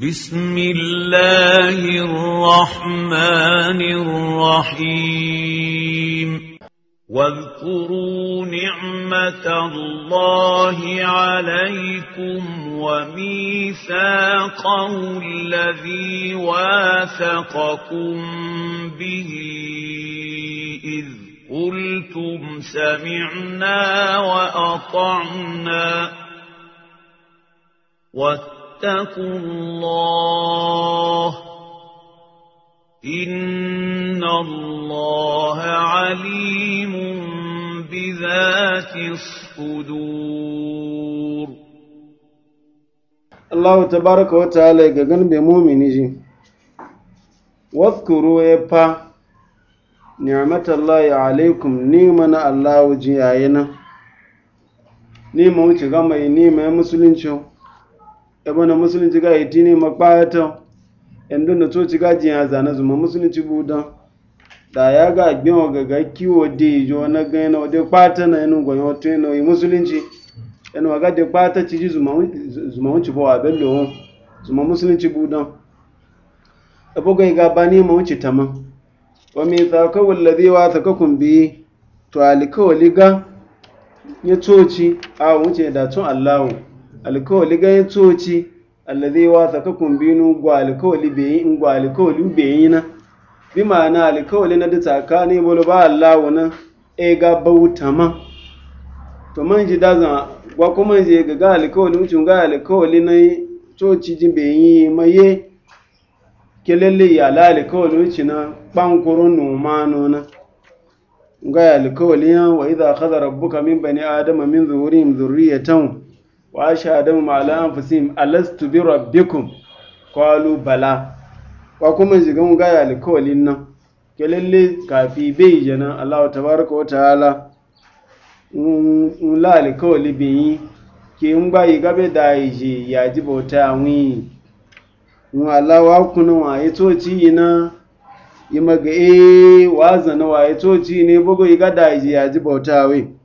بسم الله الرحمن الرحيم واذكروا نعمة الله عليكم وميثاقه الذي واثقكم به إذ قلتم سمعنا وأطعنا واتقوا واتقوا الله إن الله عليم بذات الصدور Allah tabaraka wa ta'ala ga ganbe mumini ji waskuru ya fa ni'matallahi alaikum nima na Allah ji yayina nima wuce ga mai nima ya musulunce. ebe na musulunci ga iti ne makpata yadda na coci gajin ya zane zuma musulunci budan da ya ga gbewa gaga kiwo da ijo na gani na wade kpata na yanu gwanyo to yana yi musulunci yana waga da kpata ci ji zuma wuce bawa bello hun zuma musulunci budan ebe ga ga ba ne ma wuce tama wa mai tsaka wallazi wa tsaka kumbi to alikawali ga ya coci a wuce da tun allahu alkawali ga tsoci allazi sakakun binu gwa alkawali be in gwa alkawali be na bi ma'ana alkawali na ka ne bolo ba Allah wana e ga bauta ma to man ji dazan gwa kuma je ga ga alkawali mutum ga alkawali na tsoci ji be yi maye kelele ya la alkawali mutum na bankurun noma nona ga alkawali ya wa idza khadha rabbuka min bani adama min zuhurihim dhurriyyatan wa shahadahum ala anfusihim alastu bi rabbikum qalu bala wa kuma jigan ga alkawalin nan ke lalle kafi bai jana Allah tabaraka wa ta'ala la alkawali bi ke n gba yi gabe da ije ya ji bauta win in Allah wa kuna wa yi toci na yi maga eh wa zana wa yi toci ne bugu yi gada yi ije ya ji bauta win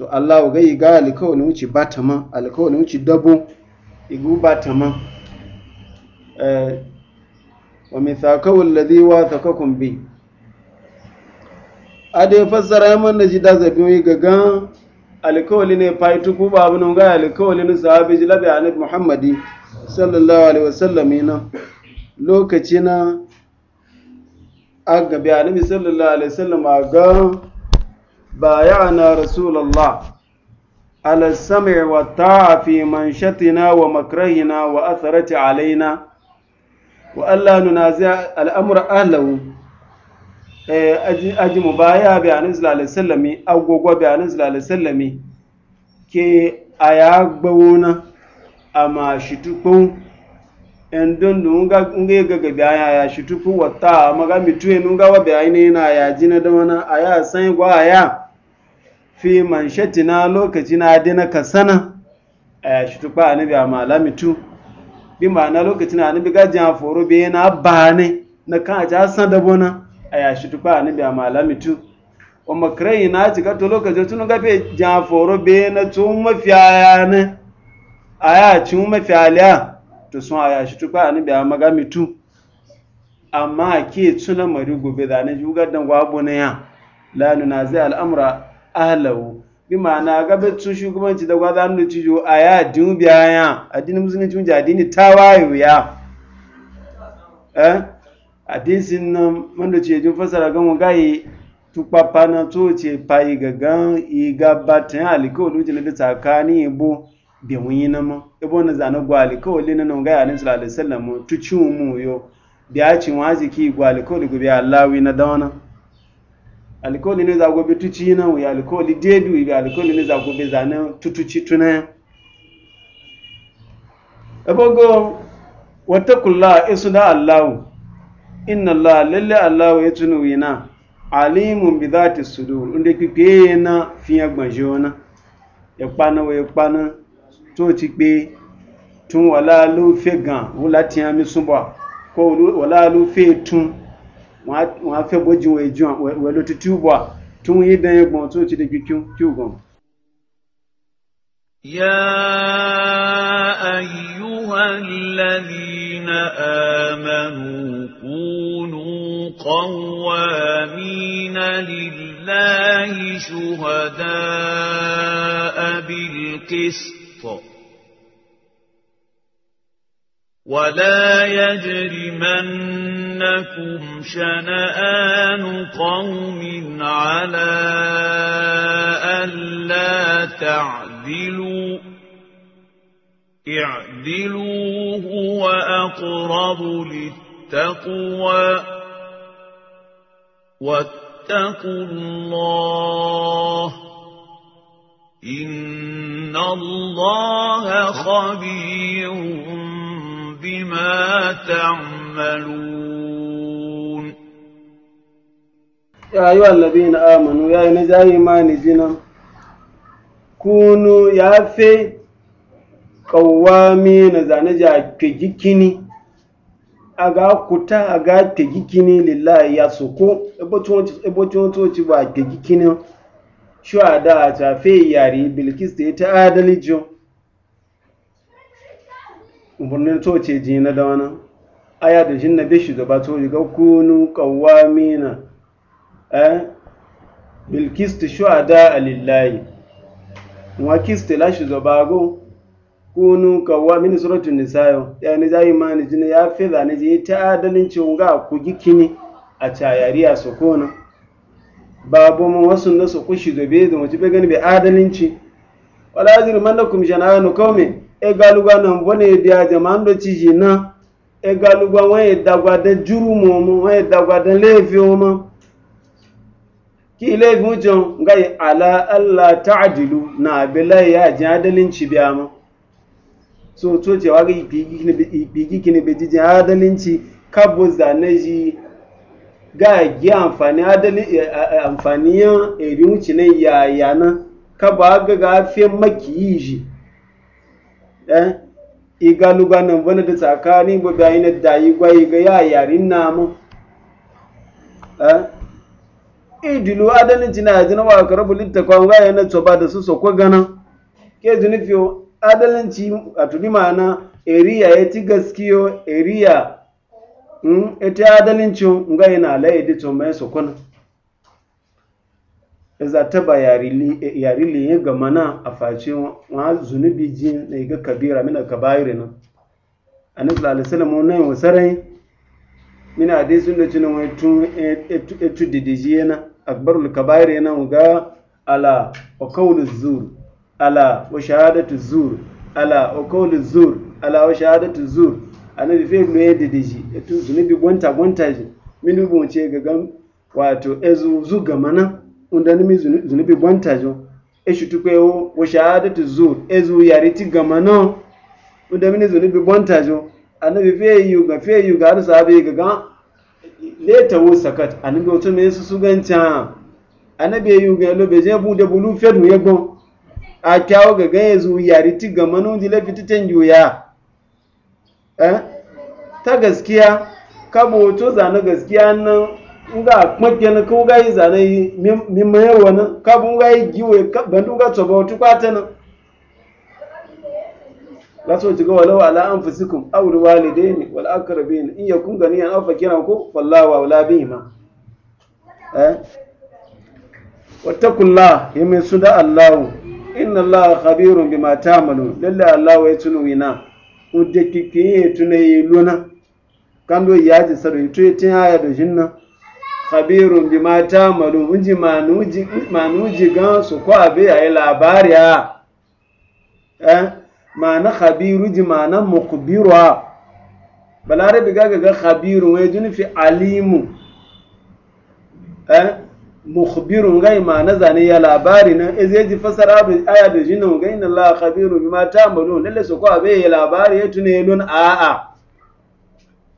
to allah ga iga alkawalin wuce ba ta ma alkawalin wuce dabo igu ba ta ma eh, wa mithaqawul ladhi wathaqakum bi ade fassara man naji da zabi yi gaga alkawali ne faitu ku ba abin ga alkawali ne sahabi jilabi anabi muhammadi sallallahu alaihi wasallam ina lokaci na a gabi annabi sallallahu alaihi wasallam a ga بايعنا رسول الله على السمع والطاعة في منشتنا ومكرهنا وأثرت علينا وألا ننازع الأمر أهله أجي mu بأن bi anin zilale sallami agogo bi anin zilale sallami ke a ya gbawo na a ma shi tukun en dundu nga gaga bi aya ya shi tukun wata a maga mitu en nga wa bi ainihin na ya ji na da wani a ya san gwa a fi na lokaci na adi ka sana a eh, shi tukpa anabi a malamitu bi na lokaci na anabi gajin a foro bi yana ba ne na kan a ca san dabo na a eh, ya shi tukpa anabi a malamitu o makarai na ci gato lokaci tun gafe jin a foro bi na tun mafi aya ne a ya ci mafi aliya to sun a ya shi tukpa anabi a magamitu amma ke tuna mari gobe da na jugar da gwabo na ya la zai al'amura ahlahu bi ma'ana gabe tun shugabanci da gwada nuna tijo a ya addinu biyaya addinin musulunci wunci addini ta wayo ya eh addinsin nan wanda ce jin fasara gan gaye papa na to ce pa igagan igabatan alikawali jina da tsakani ibo bewunyi na mu ibo e na zana gwa alikawali na nan gaya alinsu tu tuci mu yo biya ci cin wajiki gwa alikawali gobe allawi na dawana. alikoli ne za gobe tuci na wuya alikoli dedu ibe alikoli ne za gobe zane tutuci tuna abogo watakulla isu da allahu inna allah lalle allahu ya tunu wina alimun bi zati sudur inda kike na fiye gbanjo na ya kpana wa ya kpana to ci pe tun wala lu fe gan wula tiyan mi sunba ko wala lu fe tun wọn á fẹ́ bójú wọn ìjọ wọn ló ti tú bọ̀ tó ń yé bẹ́ẹ̀ gbọ̀n tó ti di kí ó gbọ̀n. يا أيها الذين آمنوا كونوا قوامين لله شهداء بالقسط ولا يجرمنكم شنآن قوم على ألا تعدلوا اعدلوا هو أقرب للتقوى واتقوا الله إن الله خبير بما تعملون يا أيها الذين آمنوا يا نزاي ما نزنا كونوا يا في قوامين زانجا كجكني aga kuta aga tegikini lillahi ya soko ebo tí wọ́n tó ti wà tegikini ṣọ́ àdá àtàfẹ́ ìyàrí bilkis ta adalci umarnin toce jina na dawana. aya da jin na jinna bi shugaba to ga kunu qawamina eh bil kist shuhada lillahi wa kist la shugaba go kunu qawamin suratul nisayo ya ni zai mani jina ya fi da ni ta adalin cewa ku gikini a a sokona babu mun wasu na su kushi da bai da mutu bai gani bai adalinci wala azir mannakum jana'anu qaumin egaluga na mbona edi aja ma ndo chiji na egaluga wa edagwa de juru mo mo wa edagwa de levi mo ki levi ujo ngai ala alla ta'dilu na bila ya ji adalin ci biya mo so to je wa ga ibigi kini be ibigi kini be jiji adalin ci kabuza zaneji ga gi amfani adali e, amfani ya eri wuce ne ya yana kabo aga ga fe maki Iga eh? igaluga nan bana da tsakani ba bayin da yi gwai ga ya yarin namu eh idilu adani jina jina wa karabu kwan ga yana tsoba da su sokwa gana ke fiyo, adalanci a tuni ma'ana eriya ya ti gaskiyo eriya hmm, ita adalancin ga yana laye da tsoba ya sokwa za ta ba yari liye ga mana a face wa zunubi ji na ga kabira mina kabairi nan annabi sallallahu alaihi wasallam wannan wasarai mina dai sun da cinin wai tun etu e, e, didiji yana ka kabairi yana ga ala okaunin zur ala wa shahadatu zur ala okaunin zur ala wa shahadatu zur annabi fe lo yedde didiji etu zunubi gwanta gwanta ji minubu bunce ga gan wato ezu zu ga mana undani mi zunubi bonta jo e shutukwe wo wo shahadatu zur ezu yari ti gama no undani mi zunubi bonta jo annabi fe yu ga fe yu ga har sahabe ga ga leta wo sakat annabi wato me su suganta annabi yu ga lo be je bu de bulu fedu yegbon a kyawo ga ga ezu yari ti gama no dile fititan yuya eh ta gaskiya kabo to zana gaskiya nan nga kpɛkpɛni ka nga yi zana yi mimayar wani ka bu nga yi giwe bandu nga tsoba wata kwata na laso ci ga walau ala an fi sikun awul walidai ne wal akarabi ne in ya kun gani an alfa kira ko fallawa wala bihi ma eh wattakulla ya mai su da allahu inna allaha khabirun bima ta'malu lalle allahu ya tunu wina udde kike tuna yi luna kando yaji saro to tin haya da jinna khabirun bi mata malu uji manuji manuji gan su ko abe ayi labari a eh mana khabiru ji mana muqbiru balare balarabi ga ga khabiru wa fi alimu eh mukhbirun gai mana zani ya labari nan iz fasara bi aya da jinan gai na la khabiru bi mata malu lalle su ko abe ya labari ya tune lon a a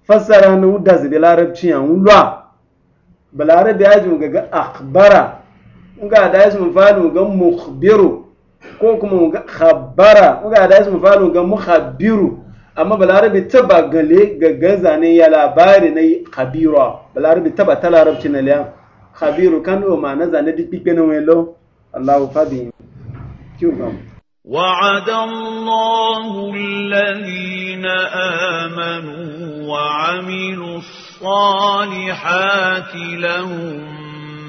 fasara nu da zibi larabci an lwa balare da yaji ga ga akhbara nga da yaji mu falu ga mukhbiru ko kuma ga khabara nga da yaji mu falu ga mukhabiru amma balarabe taba gale ga gaza ne ya labari na khabira balarabe taba ta larabci na liya khabiru kan o ma na zane duk bigbe na welo Allahu fadi kyugam وعد الله الذين آمنوا وعملوا الصالحات لهم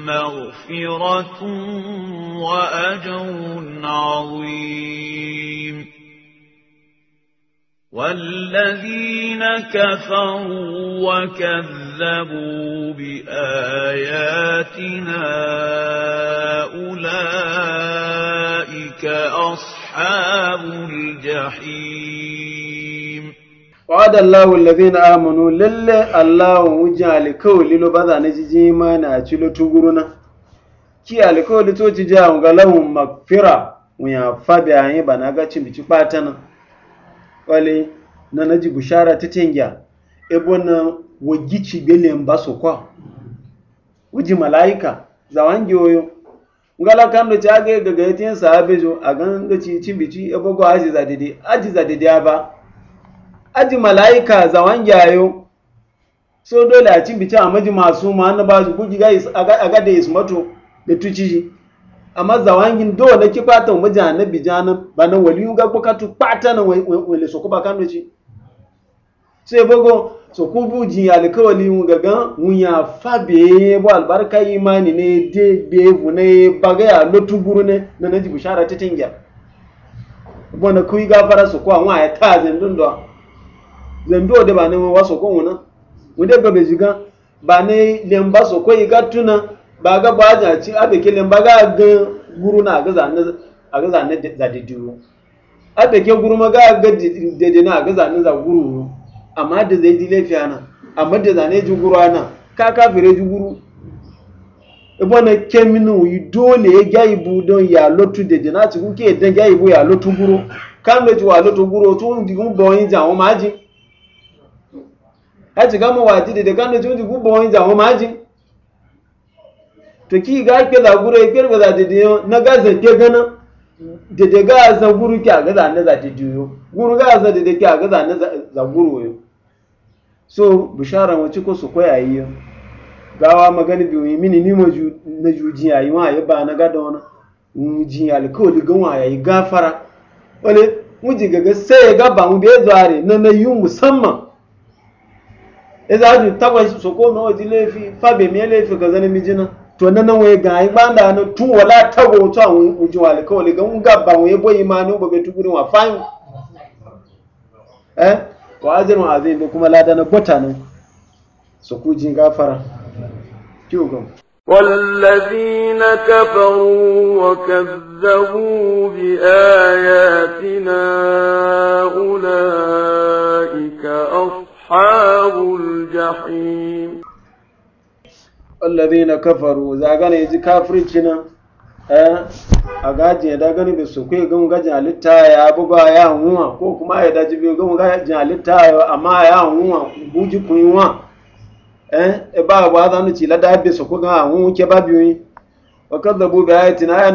مغفرة وأجر عظيم والذين كفروا وكذبوا بآياتنا أولئك أصحاب الجحيم wa'ada Allahu allazina amanu lalle Allahu wujan alkawli lilo baza na jiji na ci lo tuguruna ki alkawli to ci ja ga lahum magfira wuya fabi ayin bana ga cin bici patana wale na naji bushara ta tengya ebo na wagici belen ba su kwa uji malaika zawangi oyo ngala kando ci aga ga ga tin sahabe jo aga ga ci cin bici ebo go aji za dede aji za dede ba aji malaika za wanjayo so dole a cin bice a maji masu ma na ba su kuki a ga da isu mato da tuci amma za wangin dole ki kwata maji a na bijana ba na waliyu ga bukatu kwata na wale so kuma kan so sai bago so ku buji alkawali waliyu ga gan mun ya fabe bo albarka imani ne de bevu ne bagaya buru ne na naji bushara ta tingiya bona kuyi gafara su ko an wa ya tazin dundwa zando da ba ne wa soko wona mu de babe jiga ba ne lemba soko yi ga tuna ba ga ba ja ci abe ke lemba ga guru na ga zanne a ga zanne za de duro abe ke guru ma ga ga de na ga zanne za guru amma da zai ji lafiya na amma da zane ji guru ana ka kafire ji guru ebona keminu yi dole ya gya ibu don ya lotu dede na ti kuke dan gya ibu ya lotu guru kan lo ti wa lotu guru to ndi gun bo yin ja won ma jin ati kama waji dede kando chunji kubo wanja ho maji to ki ga ke la guru e kerba da dede yo na ga za ke gana dede ga za guru ki aga za na za dede yo guru ga za dede ki aga za na za guru yo so bishara mu ciko su koya yi gawa magani biyu yi mini nimo na juji yayi wa ya ba na ga da wani mujin alkawali gan wa yi gafara wale muji gaga sai ya ga ba mu bai zuwa na na yi musamman iza ju takwas soko na mawa ji laifi fa bai mai laifi ka na mijina to na nan wai ga yi ba da na tu wala tago otu a wani ji wale kawai ga mun gaba wai boyi ma ne ba bai tugurin wa fayin eh wa azin wa azin da kuma lada na bota nan su ku jin gafara kiwo gam والذين كفروا وكذبوا بآياتنا أولئك ashabul jahim alladhina kafaru yaji kafirci nan a gajin ya dagani su kai gan gajin halitta ya buga ya hunwa ko kuma ya daji gan gajin halitta amma ya hunwa buji eh e ba ba za ci lada su ga ke ba biyu wa kadzabu bi ayatina ya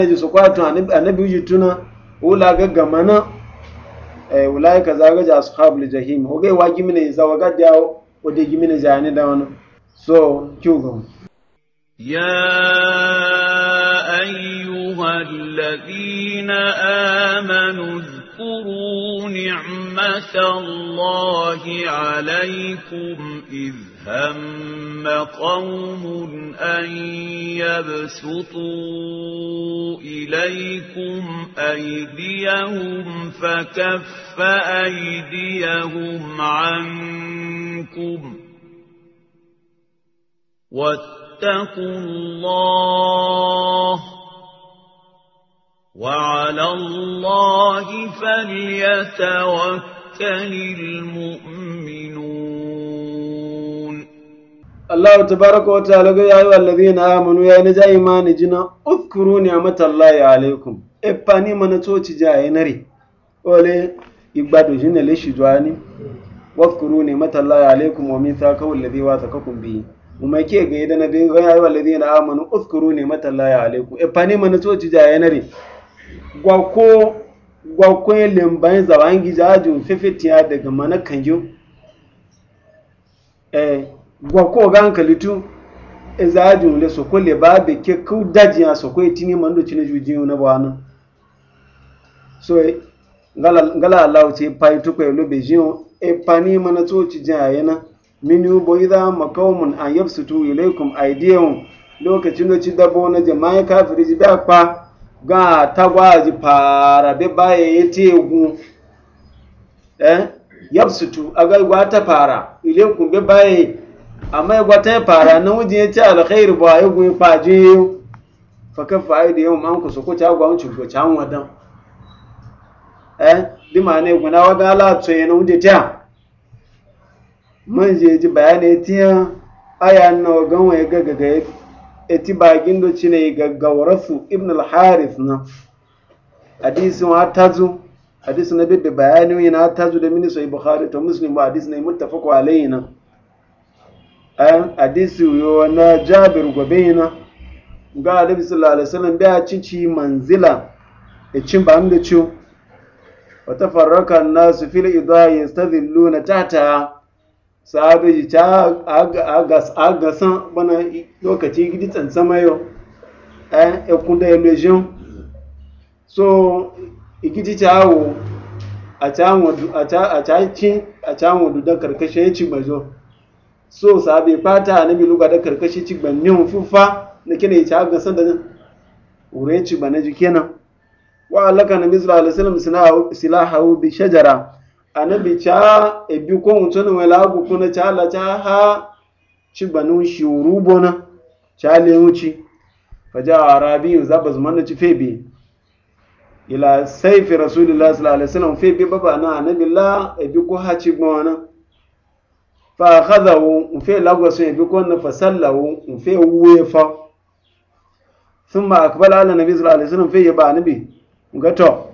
Eh, ulai ka zaga ja ashabul jahim ho ga wagi mine za waga da o de gimine jani da wani so kyugo ya ayyuhal na amanu اذكروا نعمة الله عليكم إذ هم قوم أن يبسطوا إليكم أيديهم فكف أيديهم عنكم واتقوا الله وعلى الله فليتوكل المؤمنون Allah ta baraka wa ta'ala ga yayi wallazi na amanu ya ni jayi ma jina uzkuru ni amatallahi alaikum e pani mana to ci jayi nare ole jina le shi ni amatallahi alaikum wa min bi umai ke ga bi ga yayi na amanu uzkuru ni amatallahi alaikum e pani mana to ci nare daga mana kanjo eh gwakko ga hankali tu ezajin le soko le ba be ke ku daji a soko itini e mando cine jujin na ba nan so e, ngala ngala Allah ce e pai tu ko lo be jin e pani mana to ci jin ayena min yubo idha makawmun an yabsutu ilaykum aydiyahum lokacin da ci dabo na jama'a kafiri ji da fa ga tagwaji fara be baye yete gu eh yabsutu agal gwa ta fara ilaykum be baye amma gwata fara na wuje ya ci alkhairu ba ya goyi faje yau faka fa'i da yau man ku su kuce agwa wuce ko can wadan eh di ma ne guna waga ala to yana wuje ta man je ji bayani tiya aya na wagan wa ga ga eti bagin do cine ga gawarasu ibn al harith na hadisi wa tazu hadisi na bibbe bayani yana tazu da bukhari to muslim ba ne alayhi na an hadisi yo na Jabir Gobena ga Annabi sallallahu alaihi wasallam biya cici manzila e cin ba da ciwo wa tafarraka an-nasu fil idai yastadhilluna tahta sahabe ta agas agasan bana lokaci gidi tsantsa mayo eh e da e illusion so igidi tawo a ta a ta a ta cin a ta mu karkashin ya ci bazo so fata pata bi luga da karkashi ci ban min fufa na kina yi ga san da ure ci ban na kenan wa alaka nabi sallallahu alaihi wasallam silahu bi shajara anabi cha ebi ko mutun wala gu kuna cha la cha ha ci banu shi urubona cha le wuci faja arabi zabaz na ci febi ila sayfi rasulullah sallallahu alaihi wasallam febi baba na anabi la ebi ko ha ci gbona fa khadahu nfe lagwaso yabi konna fa sallahu nfe wuye fa thumma akbala ala nabi sallallahu alaihi wasallam fe yaba nabi ga to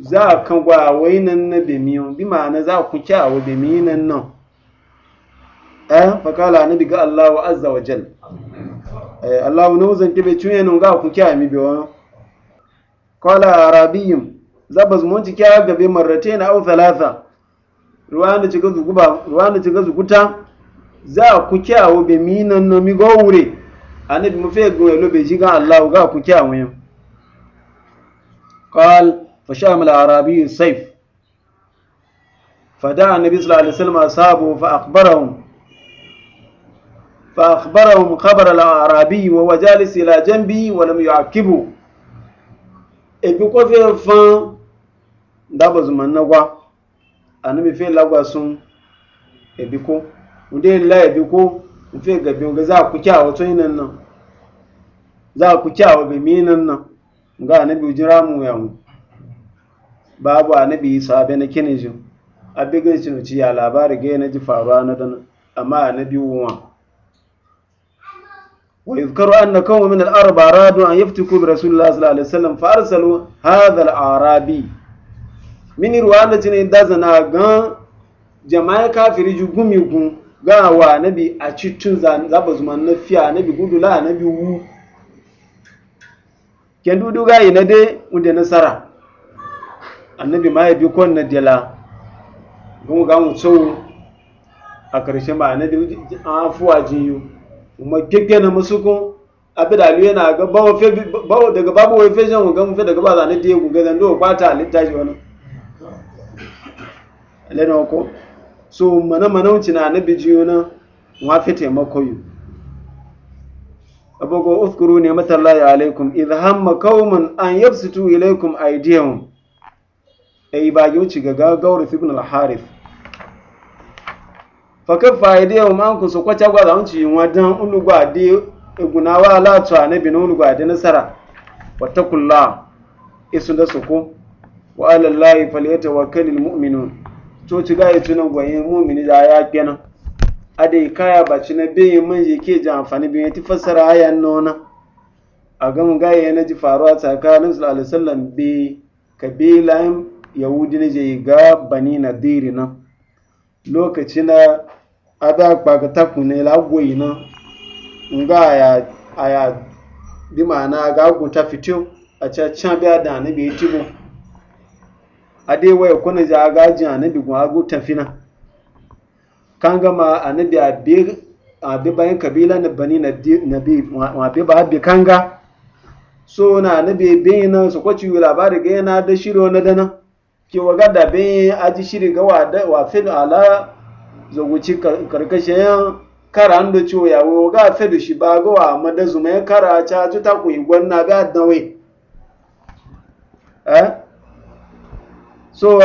za ka gwa wainan na bemiyo bi ma'ana za ku kya a beminan nan eh fa kala nabi ga Allah wa azza wa jal eh Allah ne kibe cuye nan ga ku mi biyo kala mun ci thalatha ruwa da ciga zuguba ruwa da za ku kyawo be minan no mi go wure anid mu fe go lo be jiga Allah ga ku kyawo yin qal fa shamal arabi sayf فدعا fa صلى الله عليه وسلم أصحابه فأخبرهم wa خبر الأعرابي وهو جالس إلى جنبه ولم يعقبه ebi kofi fan daba zuman na gwa anabi fe lagwa sun ebiko unde la ebiko fe gabe ga za ku kya wato yinan nan za ku kya wa be minan nan ga anabi ujira mu ya mu babu anabi sahabe na kinijin abigin shi ci ya labari ga na ji faruwa na dana amma ويذكر أن قوم من الأربع أن يفتكوا برسول الله صلى الله عليه وسلم فأرسلوا هذا الأعرابي mini ruwanda jini da zana gan jama'a kafiri ju gumi gun gawa nabi a cikin zaba zuma na fiya nabi gudula bi wu ken dudu gayi na dai wanda nasara annabi ma ya bi kon na dela gumu ga mu so a karshe ma annabi a afuwa jinyu kuma gege na musuku abi da yana ga bawo daga babu wai fejan ga mu fe daga ba za na dai gun ga zan do kwata littafi wannan lena so mana mana wuce na na bijiyo na wafe taimako yi abubuwa uskuru ne masallahi alaikum idh hamma qauman an yabsutu ilaikum aydiyahum ay ba yi wuce ga gawar ibn al-harith fa kaffa aydiyahum an kusu kwacha gwa zan ci wadan ulugwa de wa la tsa na bin ulugwa de nasara wattaqullaha isu da suku wa ala allahi wakali mu'minun coci ga yi tunan gwayin mumini da ya kenan a da kaya ba ci na biyin man ya ke ji amfani biyu ya ti fassara ayan nona a gama gaya na ji faruwa tsakanin su bi kabilan yahudi na je ga bani na diri na lokaci na ada kpaka taku ne lagwai na nga aya aya bi na ga agunta fito a can biya da na bi tibu adewa ko na ja gajin annabi gun agu tafina kan gama annabi a be a bi bayan kabila na bani na nabi wa bi ba be kanga so na annabi be na su kwaci labari ga yana da shiro na dana ke waga da a aji shiri ga wa da wa fil ala zaguci karkashin karan da ciwo ya waga fil shi ba ga wa madazuma ya kara ca ta ku gwanna ga dawai eh so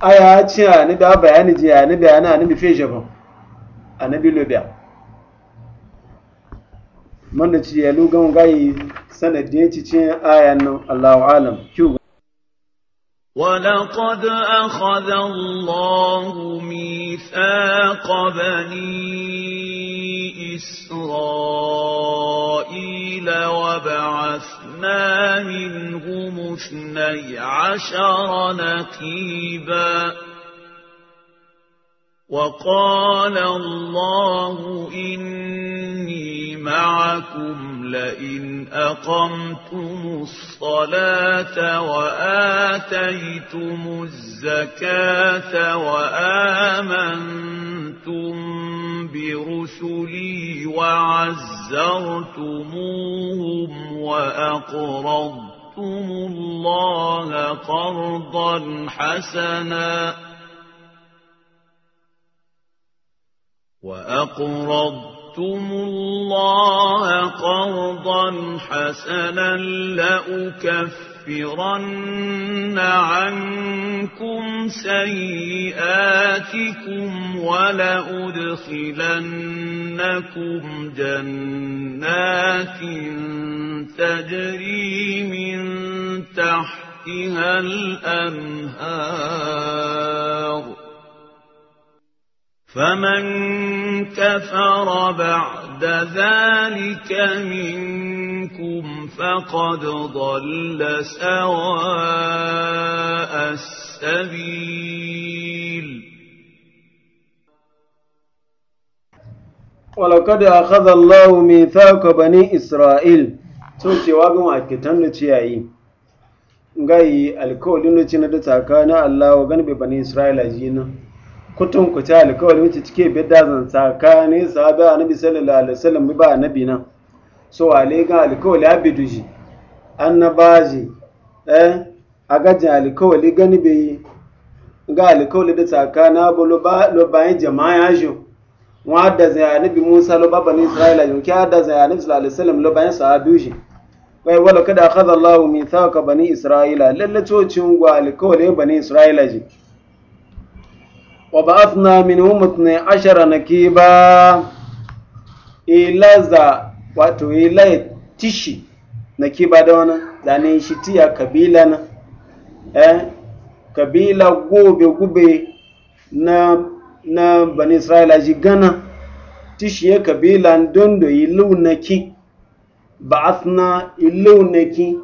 aya ci a ni da bayani ji a ni bayana ni mife jabon a ni bilo biya man da ci ya lugan gayi sanadin ci cin ayan nan allahu alam kyuga ولقد أخذ الله ميثاق بني إسرائيل إسرائيل وبعثنا منهم اثني عشر نقيبا وقال الله إني معكم لئن أقمتم الصلاة وآتيتم الزكاة وآمنتم برسلي وعزرتموهم وأقرضتم الله قرضا حسنا وأقرضتم أَقْرَضْتُمُ اللَّهَ قَرْضًا حَسَنًا لأكفر ليكفرن عَنْكُمْ سَيِّئَاتِكُمْ وَلَأُدْخِلَنَّكُمْ جَنَّاتٍ تَجْرِي مِنْ تَحْتِهَا الْأَنْهَارُ فَمَنْ كَفَرَ بَعْدَ بعد ذلك منكم فقد ضل سواء السبيل ولقد أخذ الله ميثاق بني إسرائيل توتي واغم أكتن لتيائي ngai alkawalin da na da tsakanin Allah wa ganin kutun ku ta alkawari wuce cike bidda zan tsakanin ba annabi sallallahu alaihi wasallam bi ba annabi nan so ale ga alkawari abidu ji annabaji eh agajin alkawari gani bai ga alkawari da tsakana ba lo bayan jama'a shi wa da zai annabi Musa lo baba ni Isra'ila yun ki da zai annabi sallallahu alaihi wasallam lo bayan sahabi shi wai wala kada akhadha Allahu mithaqa bani Isra'ila lalle to cin gwa alkawari bani Isra'ila ji وبعثنا منهم اثني عشر نكيبا إلى ذا واتو إلى تشي نكيبا دون زاني شتيا كبيلنا eh kabila gobe gube na na bani isra'ila ji gana tishiye kabila dondo ilu naki ba'athna ilu naki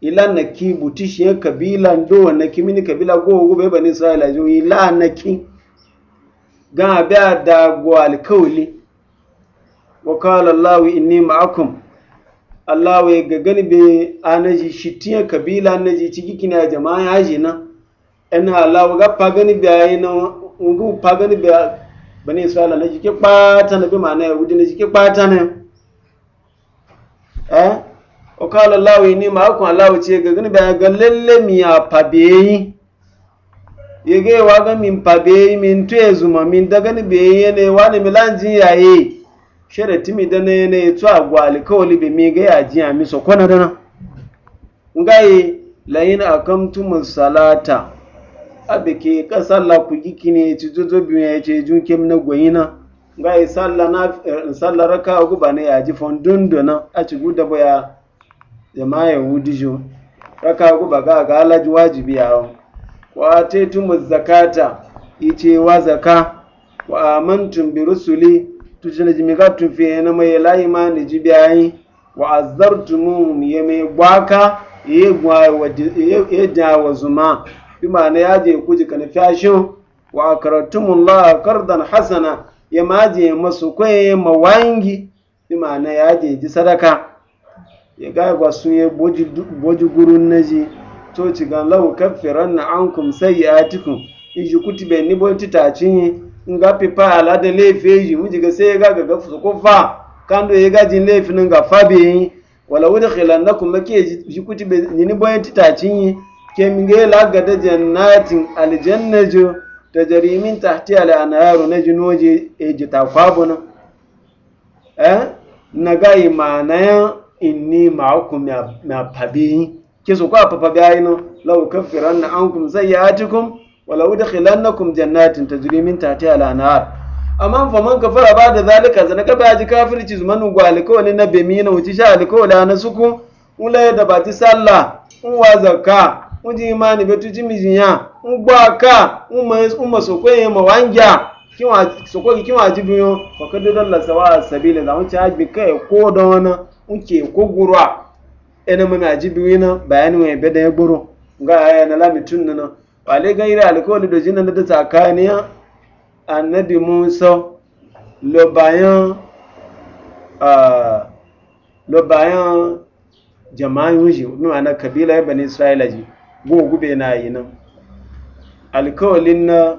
ila na ki butishe kabila ndo na ki mini kabila go go be bani israila jo ila na ki ga bi da go alkawli wa qala allah inni ma'akum allah ya ga gani be anaji shitiya kabila anaji ciki kina jama'a yaji na ina allah ga pagani bi ayi na ngu pagani bi bani israila na ke kpata na bi ma'ana yahudi na jike kpata na eh o kala lawi ni ma kun alawi ce ga gani ba ga lalle mi ya pabeyi yege wa ga min pabeyi min tuye zuma min daga ni be yene wa ni milanjin yaye shere timi da ne ne to agwali kawali be mi ga ya ji ami so kona dana ngai layin akamtum salata abike ka sallah ku giki ne ci zozo biyu ya ce junkem na gwayina ngai sallah na sallah raka ku ba ne ya ji fondon dona a ci guda baya jama'a yahudi jo raka ku ga ga alaji wajibi yawo wa ataytum zakata ice wa zaka wa amantum bi rusuli tujina jimiga fi na mai laima ma ni ji wa azartumum ya mai gwaka ya wa zuma bi ma'ana ya je ji kan fashu wa akaratumullah kardan hasana ya maje masu kwaye mawangi bi ma'ana ya je ji sadaka ya gaya ba sun yi boji gurun na ji to ci gan lau kafiran na an kum sai ya tiku iji kuti bai ni bo ti tacin yi in ga pipa ala da laifi yi mu ga sai ya ga ga su ko fa kan do ya gajin laifin nan ga fa be yi wala wani khilan na kuma ke ji kuti bai ni bo ti tacin yi ke mi ga la ga da jannatin aljanna jo da jarimin tahti ala anayaru na noje e ji ta kwabuna eh na ga imanayan inni ma'akum ma fabihi ke su kwa fafa gayi no law kaffiranna ankum sayyi'atikum wa law udkhilannakum jannatin tajri min tahtiha al-anhar amma fa man kafara ba'da zalika zana ka baji kafirci zumanu gwaliko ne na na wuci sha aliko da na suku ula da salla sallah wa zakka ji imani mijinya jimijinya gba ka umma sokwe ma wanja kiwa sokwe wa jibiyo fa kadu dalla sawa sabila da wuci ajbi kai ko da wana nke kogoro a ene mun aji biwi na bayani wani bada ya goro ga aya na lamitun nan wale ga ira alkawali do jinan da tsakaniya annabi Musa lo bayan ah lo bayan jama'in shi kabila ya bani Isra'ila ji go gube na yi nan alkawalin na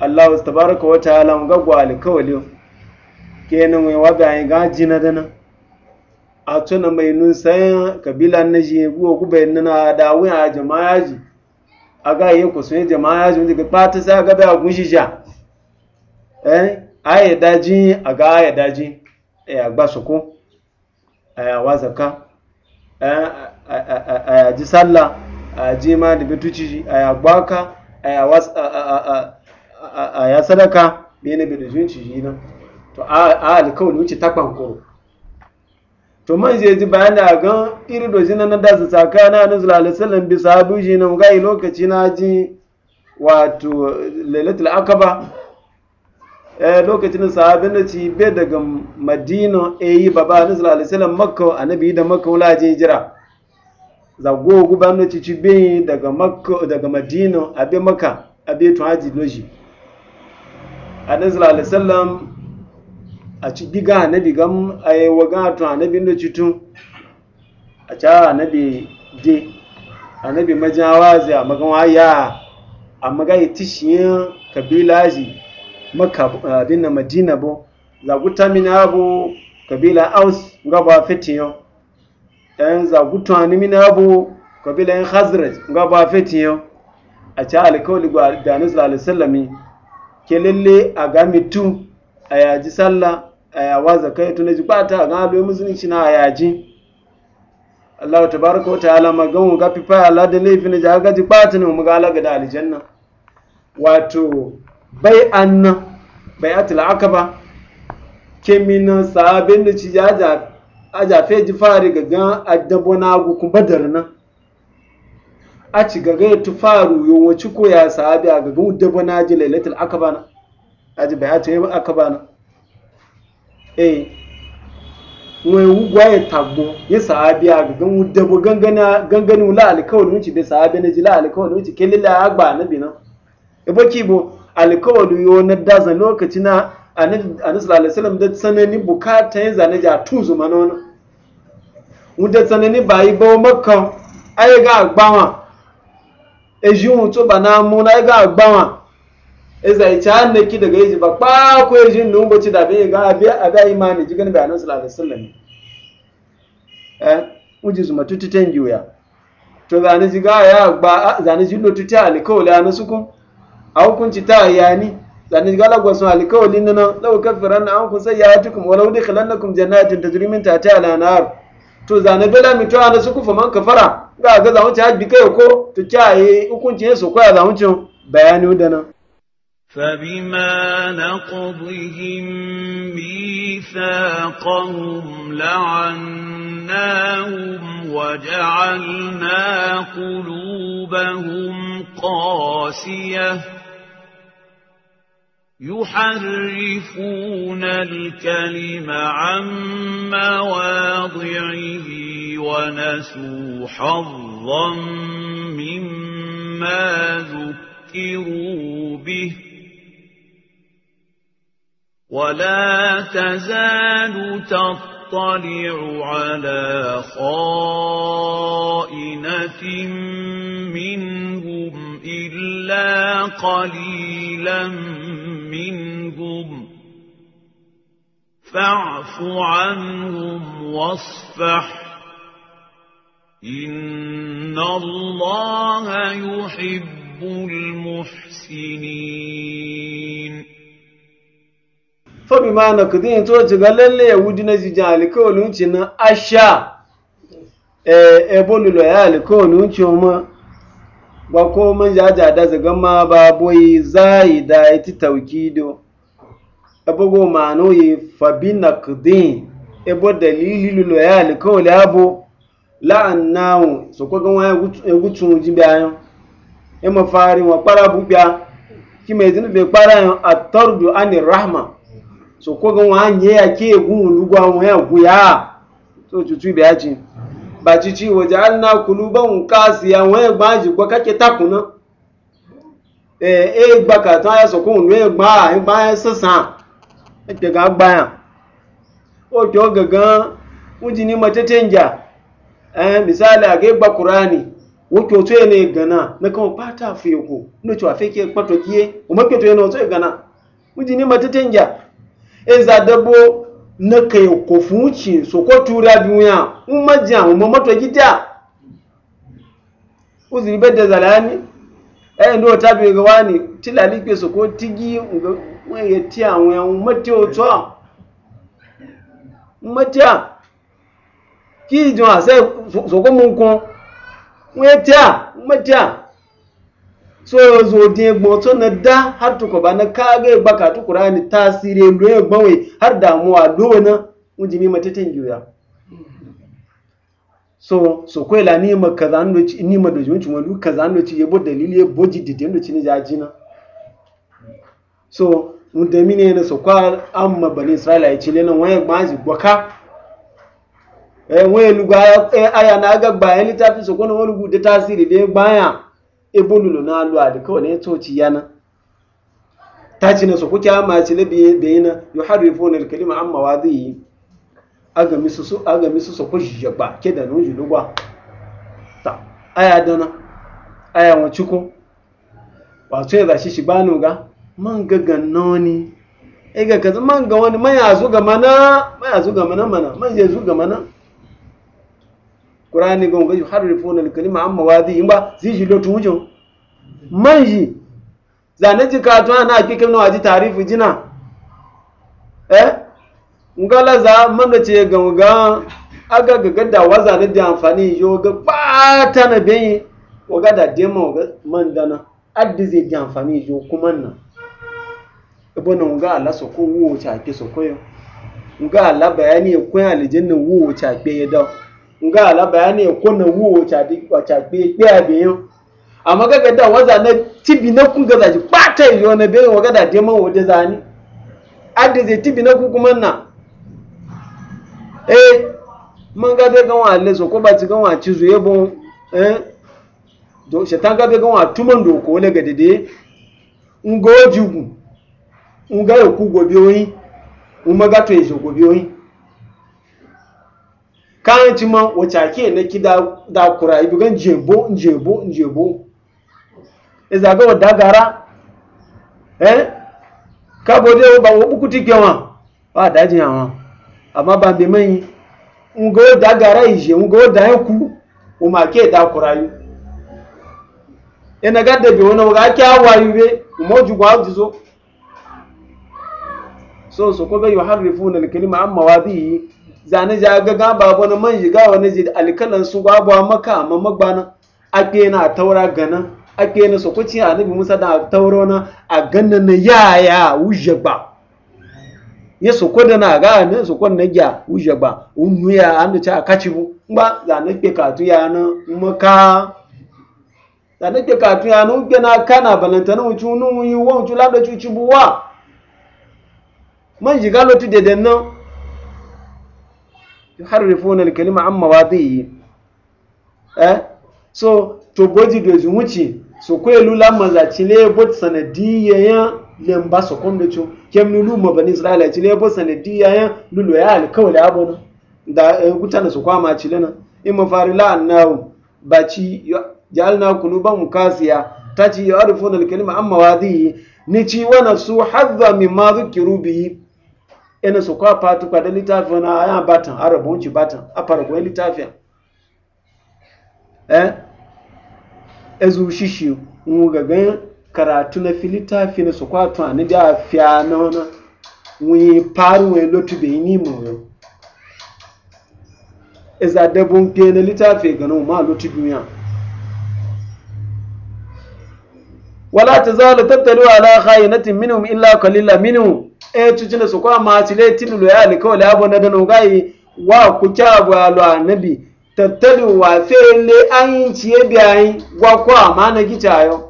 Allah tabaraka wa ta'ala ga alkawali kenan wai wa ga jina da nan a tuna mai nun sayan kabila na shi guwa ku bayan nuna da wun a jama'a ji a ga yi ku sun jama'a ji wanda ka kpata sai a gaba a gunshi sha eh a yi daji a ga a yi daji eh, a gba suku a yi awa zaka eh, a yi ji salla a ji ma da bituci a yi ka a yi sadaka bene bidujin ci shi nan to a alkawar wuce takwankoro to man je ji bayan a gan iri doji na da su tsakana na nuzula alisallam bisa abuji na mugayi lokaci na ji wato lailatul akaba eh, lokacin sahabin da ci bai daga madina a eh, yi baba nuzula alisallam makka annabi da makka wula je jira zago guban da ci ci bai daga makka daga madina a bai makka a bai tuhaji loji a nuzula alisallam A aci biga anabi gam aye waga to anabi ndo citu aca anabi de anabi majawazi magan waya amaga kabila kabilaji maka dinna madina bo za min abu kabila aus nga ba fetiyo ɗan za ni mina abu kabila in khazraj nga ba fetiyo aca alkawli ga danu sallallahu alaihi wasallami ke lalle a ga mitu a yaji sallah wa zakai tun ji bata ga lo musulunci na yaji Allah tabaraka wa ta'ala magan ga fifa Allah da laifin ja ga ji bata ne mu ga Allah da aljanna wato bai anna bai atil akaba kemina sabin da ci jaja aja fe ji fari ga gan addabo na gu kun badar na a ci gaga ya tufaru yo wace ko ya sahabi a gagan addabo na ji lailatul akaba na aji bai atil akaba na eh wai wugwa ya tagbo ya sahabi a gan dabo gangani wula alkawal wuce da sahabi na jila alkawal wuce ke lila ya gba na binan e ibo ki bo alkawal yo na dazan lokaci na anas alisalam da tsanani bukata ya zane ja tun zuma na wani wunda tsanani ba yi ba makan ai ga agbawa ejihun to ba na mu na ga agbawa izai can na ki daga yaji ba ba ko yaji lungo ci da bai ga a abi imani jigan anan sallallahu alaihi wasallam eh uji zuma tutu ten juya to zani ji ga ya gba zani ji lutu ta alkawli an kun. a hukunci ta yani zani ji ga lagwa sun alkawli nan law kafiranna an kun sai ya tukum walau dikhalannakum jannatin tajri min ta ta lanar. to zani dole mi to an suku fa man kafara ga ga zamu ci hajji kai ko to kyaye hukuncin su ko ya zamu ci bayani da nan فبما نقضهم ميثاقهم لعناهم وجعلنا قلوبهم قاسية يحرفون الكلم عن مواضعه ونسوا حظا مما ذكروا به ولا تزال تطلع على خائنة منهم إلا قليلا منهم فاعف عنهم واصفح إن الله يحب المحسنين fabi ma na kudin to ci ga lalle ya wudi na jijin alikawalin ci na asha e, ebolulo ya alikawalin ci ma ba ko man jaja da zaga ma ba boyi zai da iti taukido ebogo ma no yi fabi na kudin ebo dalili lulo ya alikawali abo la'annahu so ko gan waya gutun jibe ayan e ma fari wa para bubya ki me zinu be para ayan atardu anir rahma sokoga wanye yake egun olugwa wọn ya gun ya so tutu ibe aji ba cici waje an na kulu ba n kasi ya wọn egba aji kwa kake takuna eh, e gba ka ta ya sokun olu egba a egba ya e sassan ake e ga gba ya oke o gangan uji ni tete nja eh misali a e gba egba kurani woke otu ya na egana na kan pata afiyoko nnochi wa fake kpatokie o mapeto ya na otu egana uji ni matete nja eza dabo na kai ko fuci so ko tura duniya un majiya mu mamato gida e uzuri bedda zalani eh ndo tabi ga tilali pe so ko tigi nga e ya ti awon awon mate oto mate ki jo ase so ko mun kun we ti mate so zo de gboto na da har tuko ba na kaga ba ka tukura ni tasiri, ndo ya gbawe har damuwa do na mun ji mujimi matatan juya so so ko la ni ma kaza ndo ci ni ma do jimin cuma du kaza ndo ci yebo dalili yebo jiddi ndo ci ni jajina so mun da mine na so kwa amma bani israila ya ci le na waya gbazi gboka eh waye lugu eh, aya na ga gbayan eh, litafi so ko na wani gude tasiri da gbaya ibululu na luwa da kawai ne toci yana ta ci na su kuke ama ci na biyi na yi harifo na kalima amma wa zai yi agami su su agami su su jaba ke da nun julugwa ta aya dana aya wa ciko wato ya zashi shi banu ga man gaga noni ga kaza man ga wani man ya zuga mana man ya zuga mana mana man ya zuga mana qur'ani gon ga yuharrifuna al-kalima amma wadi in ba ziji lotu wujo manji zane jika ka tuwa na kikin na waji tarifu jina eh ngala za manga ce ga ga aga ga gadda waza ne da amfani yo ga bata na bayi wa ga da demo ga man dana addi zai da amfani yo kuma nan ibo nan ga Allah so ko wo ta ke so koyo ga Allah bayani ko aljanna wo na ke ya dawo nga ala bayani ko na wo cha di cha pe pe abe yo amma ga da waza na tibi na kun ga zaji kwata yo na be wa gada de man wode zani adde ze tibi na ku kuma na eh man ga be ga wa le so ko ba ti ga wa ci zuye bon eh do ga be ga wa tuman do ko le ga ngo jugu nga yo ku go bi oyin umaga to ejo go bi oyin kan ci ma wata ke na ki da kura ibi gan jebo jebo jebo iza e ga wadda gara eh ka bode ba wo buku ti gwa ba daji awon amma ba be mai ngo da gara ije ngo da yaku o ma ke da kura yu ina e ga da be wona ga ki awayu be mo ju gwa jizo so so ko ga yuharrifuna al-kalima amma wadihi zane ja ga ga babu na man shiga wani ji alkalan su gwagwa maka amma magbana ake na taura gana ake na sokoci a nabi Musa da taura na a ganna na yaya wuje ba ya soko da na ga ne soko na gya wuje ba unu ya an cha kaci bu ba zane ke katu ya na maka zane ke katu ya na uke na kana na wucu nu yi wa uchu lado chuchu buwa man shiga lotu deden yuharrifuna al-kalima an mawadihi eh so to goji da zuwuci so ko elu lamma za chile bot sanadiyya ya lemba so kom da cho kem ni lu mabani israila chile bot sanadiyya ya lulu ya alkawli abona da eh, gutana su kwama chile na imma farila annahu baci ja'alna quluban qasiya taci yuharrifuna al-kalima an mawadihi ni ci wana su hadza mimma dhukiru bihi ene su kwa fatu kwa da littafin na ayan batan arabon ci batan a farkon littafin eh ezu shishi mu gagan karatu na fi littafi na su kwa tunani da fiya na wani wuyi faru wani lotu bai ni mu yau ezadabon ke na littafi ganin ma lotu duniya wala ta za zalu tattalu ala khayinatin minhum illa qalila minhu e cucina su kwa ma tile tilu ya alikawal abu na dano gai wa ku kyabu alu nabi? tattalu wa fele an ciye biyayi wa kwa amana gicayo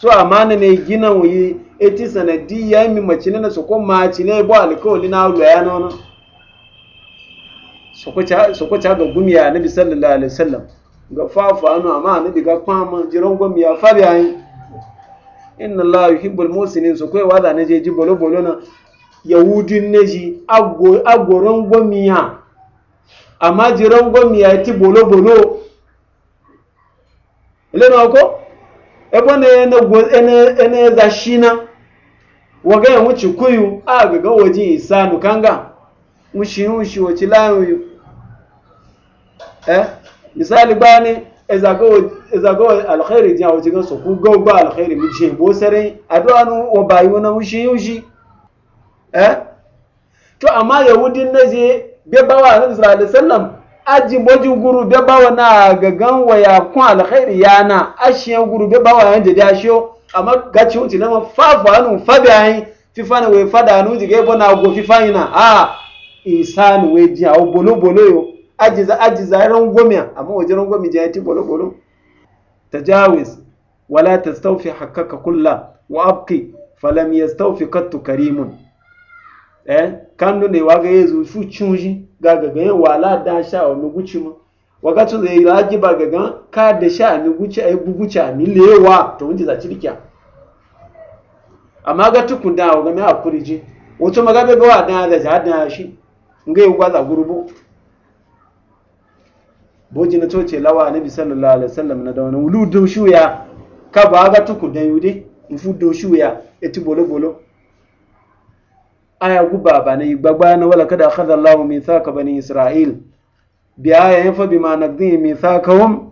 so amana ne gina wuyi eti sanadi ya yi mimaci na su kwa ma tile bo alikawal na alu ya nono su kwa ga gumiya annabi sallallahu alaihi wasallam ga fafa no amma annabi ga kwama jiran gwami ya fabi ayi inna allah yuhibbul musinin su kai wada ne je ji bolo bolo na yahudin ne ji agoron gwami ya amma jiran gwami ya ti bolo bolo na ko ebo ne na ene ene za shina waga ya wuce kuyu a gaga waje n'ukanga kanga wushi wushi wace layoyi eh misali bani ezago ezago jin awo jigan so ku gogba alkhairi mu jin bo sare adwanu o bayi wona ushi yushi eh to amma yahudin naje be bawa nabi sallallahu alaihi wasallam aji boji guru be bawa na gagan waya kun alkhairi yana ashiyan guru be bawa yan jadi ashiyo amma gaci wuti na fafu anu fabi ayin fifa ne we fada anu jige bona go fifa ina ah insanu we jin awo bolo bolo yo ajiza ajiza rangwamiya amma waje rangwami jayati bolo-bolo tajawis wala tastawfi haqqaka kulla wa abqi falam yastawfi qattu karimun eh kando ne waga yezu fu chuji gaga ga wala da sha o mi guci mu waga to zai laji ba gaga ka da sha mi guci ai buguca mi lewa to mun ji za cirkiya amma ga tukun da waga mi akuriji wato maga be ba da da ja da shi ngai gwaza gurubu boji na toce lawa nabi sallallahu alaihi wasallam na da wani wulu do shuya ka ba ga tuku da yude nfu do shuya eti bolo bolo aya guba ba ne gbagba na wala kada khadha Allahu mithaka bani Isra'il bi aya fa bima naqdi mithakahum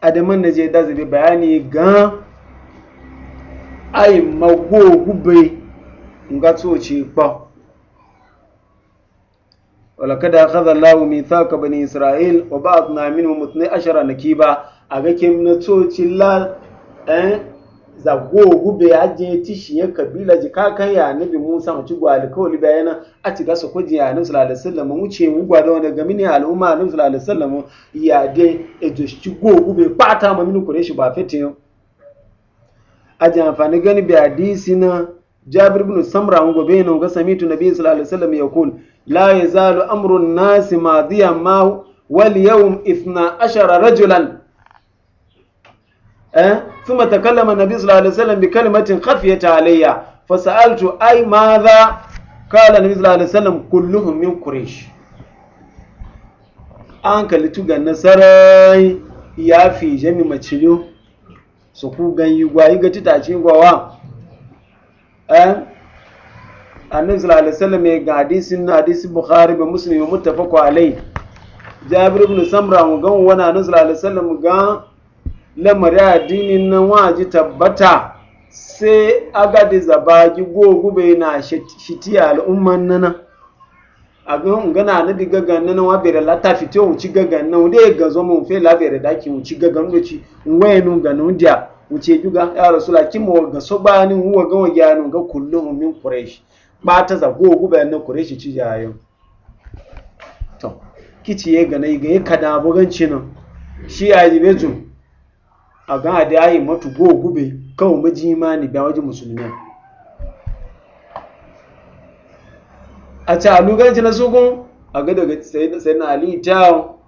adaman da je da zabi bayani ga ai mago gube nga tsoci ba ولقد أخذ الله ميثاق بني إسرائيل وبعضنا منهم اثني عشر نكيبا أغاكم نتوتي الله zago gube aje tishi ya kabila ji kakan ya nabi Musa mu ci gwali kawai bayana a ci gasa kuji ya nabi sallallahu alaihi wasallam mu ce mu gwada wanda ga mini al'umma nabi sallallahu alaihi wasallam ya de e to ci go gube pata ma mini kureshi ba fete aje amfani gani bi hadisi na Jabir ibn Samra mu gobe ne ga samitu nabi sallallahu alaihi wasallam ya la yazalu amrun nasi madiyan ma wal yawm 12 rajulan eh thumma takallama nabi sallallahu alaihi wasallam bi kalimatin khafiyat alayya fasaltu ay madha kala nabi sallallahu alaihi wasallam kulluhum min quraish an kalitu ga nasarai ya fi jami maciliyo su ku ganyi gwayi ga titace gwawa eh annabi sallallahu alaihi wasallam ya ga hadisin na hadisin bukhari ba muslim muttafaqu alai jabir ibn samra mu gan wani annabi sallallahu alaihi wasallam ga lamari addinin nan waji tabbata sai agadi zabagi gogu bai na fiti al'umman nan a gan gana na gagan ganin wa bere lata fito wuci gagan nan dai ga zo mun fe la bere daki wuci gagan wuci wayenu ganin dia wuce juga ya rasula kimo ga ni huwa ga wajanu ga kullum min quraish bata za go guba na kureshi ci jayo to kici ye gane ga kada buganci nan shi ya yi bezu a ga ade ayi matu go gube kawo maji imani ba waje musulmi a ci a na sukun a ga daga sai na ali tawo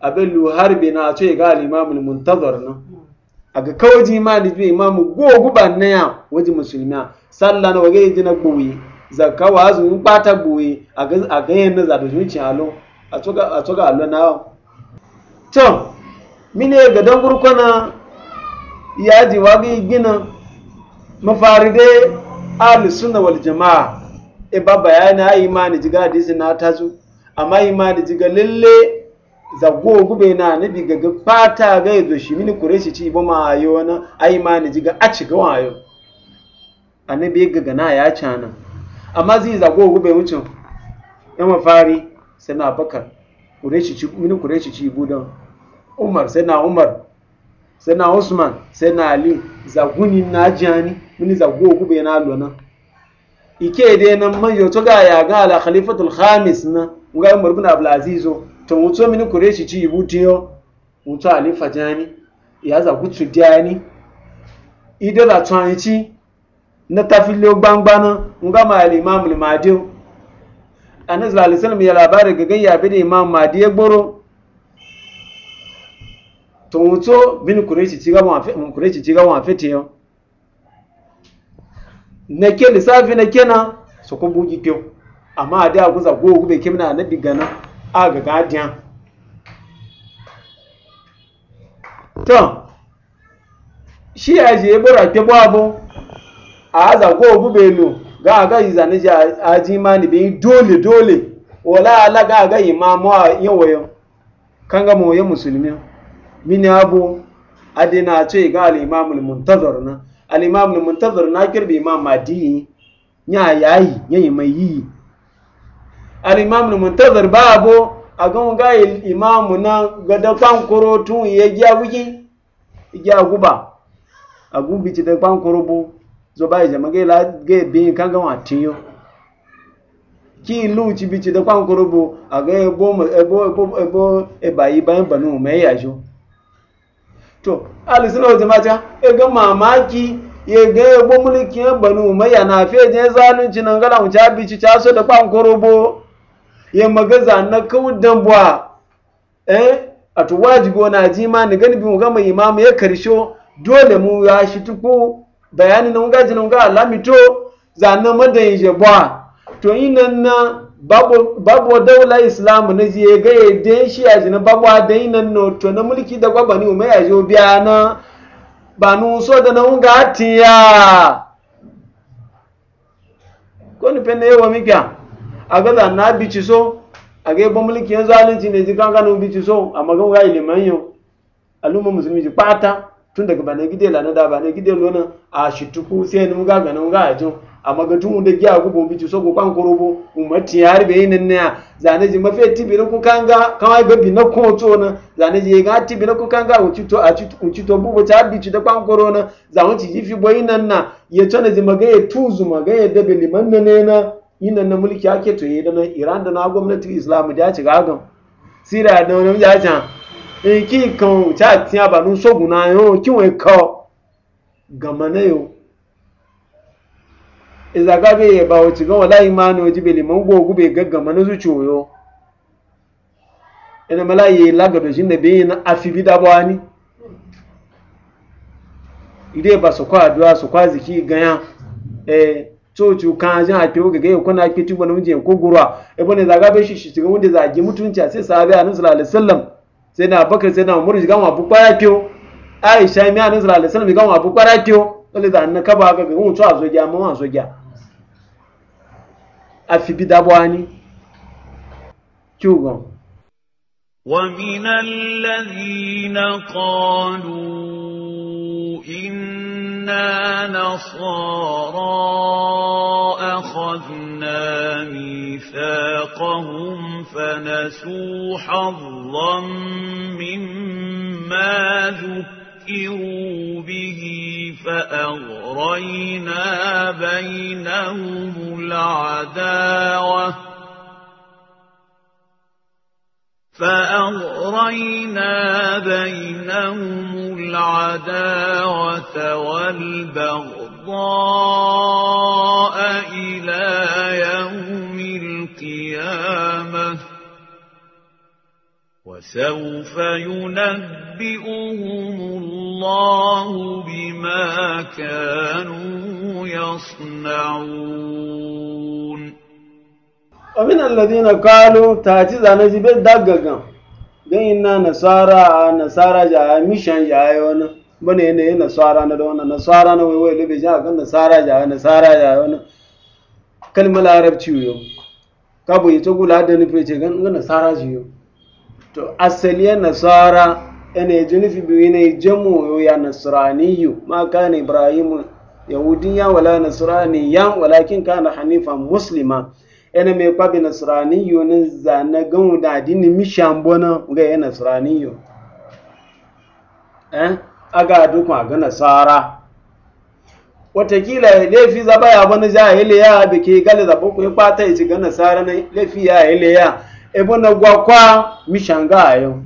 abin luharbe na ce ga alimamul muntazar nan a ga kawo jimani bi imamu go guba na ya waje musulmi sallah na wage jina gbuwi zakka wa azu bata gbuwi a ga yin za da zuci halo a tsoga a na halo na to mine ga dan gurkuna ya ji wage gina mafaride ahlus sunna wal jamaa e ba bayani a imani jiga hadisi na tazu amma imani jiga lalle zago gube na nabi ga fata ga zo shi mini shi ci ba ma ayo na ai ma ni jiga a ci ga wayo annabi ga na ya cana amma zai zago gube wucin ya mafari sai na bakar mini kureshi ci budan umar sai na umar sai na usman sai na ali zaguni na jani mini zago gube na lona ike dai nan man yoto ga ya ga ala khalifatul khamis na ga umar bin abdul aziz to mutu mini kureshi ci butiyo mutu ali fajani ya zagu tudani idala tsanci na tafilo gbangbana nga ma al-imam al-mahdi annabi sallallahu alaihi wasallam ya labari gagan ya bi da imam mahdi ya gboro to wuto bin kureshi ci gaba mafi mun kureshi ci gaba mafi tiyo na ke lissafi na kena su kun bugi kyau amma a da guza go gube kimna na digana a ga gadiyan to shi aje ya bora ke abu. a haza be nu ga aga izane ji aji imani bi dole dole wala ala ga aga imamu a yawayo kanga mu ya musulmi mini abu adina ce ga al imamul muntazir na al imamul muntazir na kirbi imam madi nya yayi yayi mai yi al imamul muntazir babu a gan ga imamu na ga da pankoro tun ya gya wuki gya guba a gubi ci da pankoro bu zo ba ije mage la ge bi kan ga wa tinyo ki lu chi bi chi da kwan korobo aga ebo ebo ebo ebo e ba yi ban banu me ya jo to alisilo jama'a e ga mamaki ye ga ebo mulki ya banu me ya na fe je zalunci nan ga lawo cha bi chi cha so da kwan korobo ye magaza na kawdan bwa e, eh atu wajibo na ji ma ni gani bi mu ga mai imamu ya karsho dole mu ya shi tuku bayani na nga jina nga alami to za na madan je bwa to ina na babu babu daula islamu na je ga yadda shi a jina babu adan ina no to na mulki da gwabani umai a jo biya na ba nu so da na nga tiya ko ni pende yawa mika a ga za na bici so a ga ba mulki yanzu zalunci ne ji kankan bici so amma ga ga iliman yau al'umma musulmi ji pata tun daga bana gide lana da bana gide lona a tuku sai ni ga nan ga ajin amma ga tun da giya gubo bici so go kan korobo umati har be yin ne zane ji mafi tibi na kukan ga kawai babi na ko to na zane ji ga tibi na kukan ga uci to a ci uci to bubo ta bici da kan korona za ci ji fi boyi nan na ya na ji maga ya tuzu maga ya dabe liman ne na yin nan mulki ake to yi da na Iran da na gwamnati Islam da ya ci gagan sira da wani ya ci nki kan o tí tia ba no sogun náà yo kí gama na yóò izaga be ye ba o ti gan wala imani o jibele mo go ogu be gagama na su chuyo ina mala ye da na afibi da bwani ide ba su kwa addu'a su kwa ziki ganya eh cocu kan jin a tewo gaga ko na ko ga sai na bakar sai na umar shiga wabu kwara aisha mi anan sallallahu alaihi wasallam shiga wabu kwara kiyo wale da annan kaba ga ga mutu a zogiya mun a zogiya a fi bi dabwani kiyo ومن الذين قالوا كنا نصارى أخذنا ميثاقهم فنسوا حظا مما ذكروا به فأغرينا بينهم العداوة فأغرينا بينهم العداوة والبغضاء إلى يوم القيامة وسوف ينبئهم الله بما كانوا يصنعون ومن الذين قالوا تاتي زانا جبه دققا دينا نصارى نصارى جاء مشان جاء وانا bane ne nasara na da wannan nasara na wai wai lube ja kan nasara ja nasara ja wannan kalmar arabci yo ka bu ita gula da nufi ce gan nasara ji yo to asali nasara ene junifi bi ne jamu yo ya nasraniyu ma kana ibrahim yahudiya wala nasraniya walakin kana hanifan muslima ene me kwa bi nasraniyo ne za na gan da dini mi shambo na e ga yana nasraniyo eh aga du kwa ga nasara watakila laifi za baya bana za ile ya da e ke gale da boko ya ta e ya ci ga nasara na lefi ya ile ya ebo na gwa kwa mi shanga ayo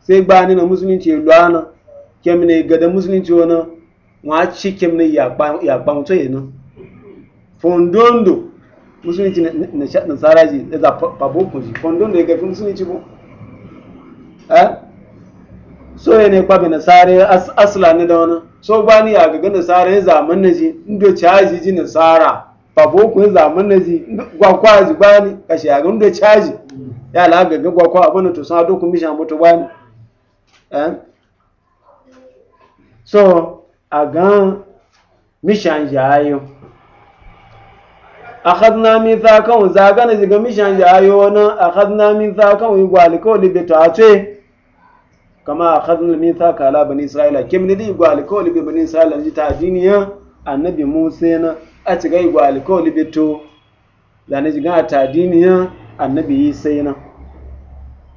sai ba ni na musulunci lu ana kemne ga da musulunci wona wa ci kemne ya pa ya pa mutso yana fondondo musulunci na nasara ji eza paboko ji da ya gafi musulunci bo eh so ya ne na nasara asla ne da wani so ba ni ya ga sare ya zaman na ji ndo caji ji nasara paboko ya zaman na ji gwakwa ji ba ni kashi ya ga ndo caji ya la ga gwakwa abin to sa doku mishan mutu ba ni eh so a gan mishan jayo akhadna min thakan zagana ziga mishan ya ayo na akhadna min thakan wi libe to ace kama akhadna min thaka ala bani isra'ila kim ni di igwaliko libe bani isra'ila ji ta diniya annabi musa na a ci ga gwali libe to la ne jiga ta diniya annabi isa na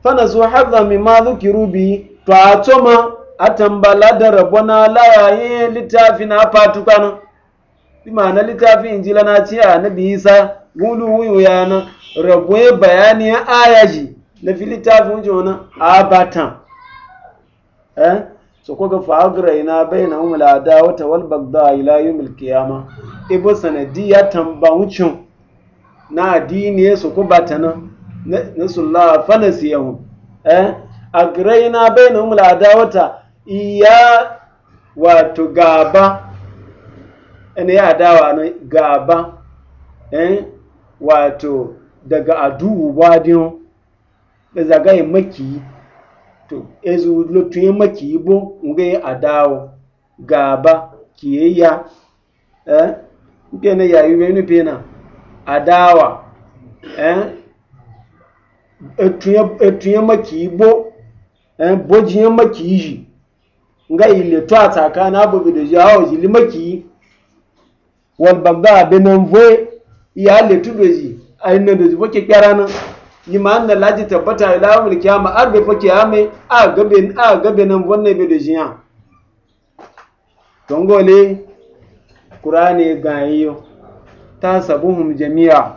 fana zu hadda min ma dhukiru bi to atoma atambala da rabona la yayin littafin apatukana bi ma'ana littafin injila na ce a nabi isa gulu wuyu ya na rabuwa bayani ya ayaji na fi littafin ji wani abatan eh so ko ga fa'agra ina bayna umul adawata wal bagda ila yawmil qiyama ibo sanadiya tambawucin na addini su ko batana na sulla fanasiyahu eh agraina bayna umul adawata iya wato gaba ina ya dawa ne gaba eh wato daga aduwu wadin da yi makiyi to ezu lotuye makiyi bo nge adawo gaba kiyayya eh nke na yayi ni pina adawa eh etuye etuye makiyi bo eh maki makiyi nga ile to ataka na abubi da jawo jili makiyi wal babda benan voye ya le A ainihin da jibo ke kyara nan yi ma an da laji tabbata ila yawon kiyama ar bai fa kiyame a gabe a gabe nan wannan bai da jiya don gole qur'ani e ga yiyo ta sabuhum jami'a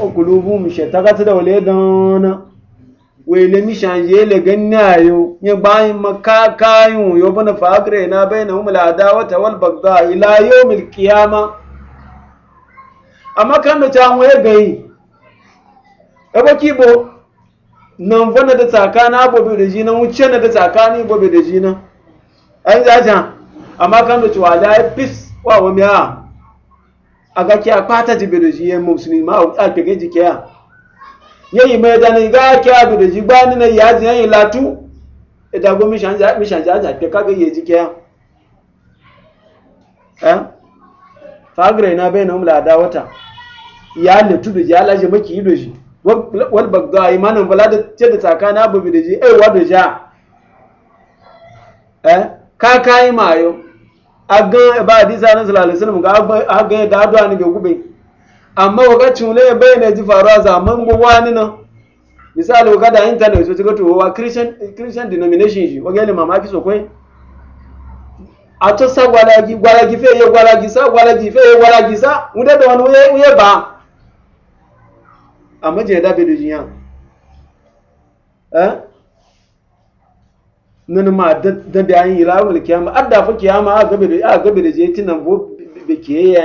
o kulubuhum shatagat da wale dana wele mi shanje le gannayo ya bayin kayun yo bana fa agre na bainahum al adawata wal bagda ila al qiyamah amaka ndochi anwụ ebeghị eboki igbo na mvọ na dịta aka na agbobere ji na nwuchie na dịta aka na igbobere ji na anyị ji aja amaka ndochi wada pis wa a agaki akpata ji bere ji ihe musulmi ma akpege ji ya a yeyi ma ẹja ni ga ke ji ya ji latu ẹdagbo mishanji aja fagre na bai na umla da wata ya le da ya laje maki yi doji wal bagda manan bala da ce da tsakana abu bi da ji ai wa doja eh ka kai mayo agan ba hadisa na sallallahu alaihi wasallam ga agan da adwa ni ga gube amma waga cule bai na ji a zaman gwa ni na. misali waga da internet so to wa christian christian denomination shi waga le mamaki so kai ato sa gwalagi gwalagi fe ye gwalagi sa gwalagi fe ye gwalagi sa wude da wani wuye wuye ba amma je da bedu jiyan eh nan ma da da an yi lawul kiyama adda fa kiyama a gabe da a gabe da je tinan bo be ke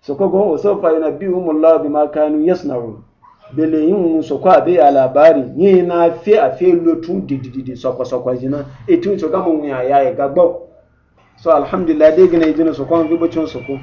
so ko gon so fa yana bi umullahu bima kanu yasna'un bele yin sokwa abe a labari yi na fe a fe lotu didididi sokwa sokwa jina etu sokwa mun ya ya ga gbo so alhamdulillah dai gina jina sokwa mun bi bacin soko.